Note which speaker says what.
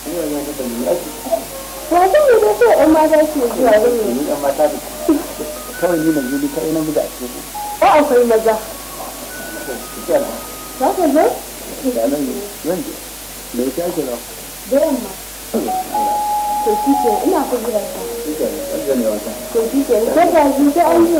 Speaker 1: Wasu ne
Speaker 2: da sai ɗan mata ke zuwa yi Ni ɗan
Speaker 1: mata Kawai ni na kawai na buga a
Speaker 2: Ko akwai maza. Za ka zo? Da nan ne.
Speaker 3: Zan je. Me Da
Speaker 2: yamma. To shi ke ina ku jiran ka.
Speaker 3: Shi ke ne. Zan wata. To
Speaker 2: shi ke an yi.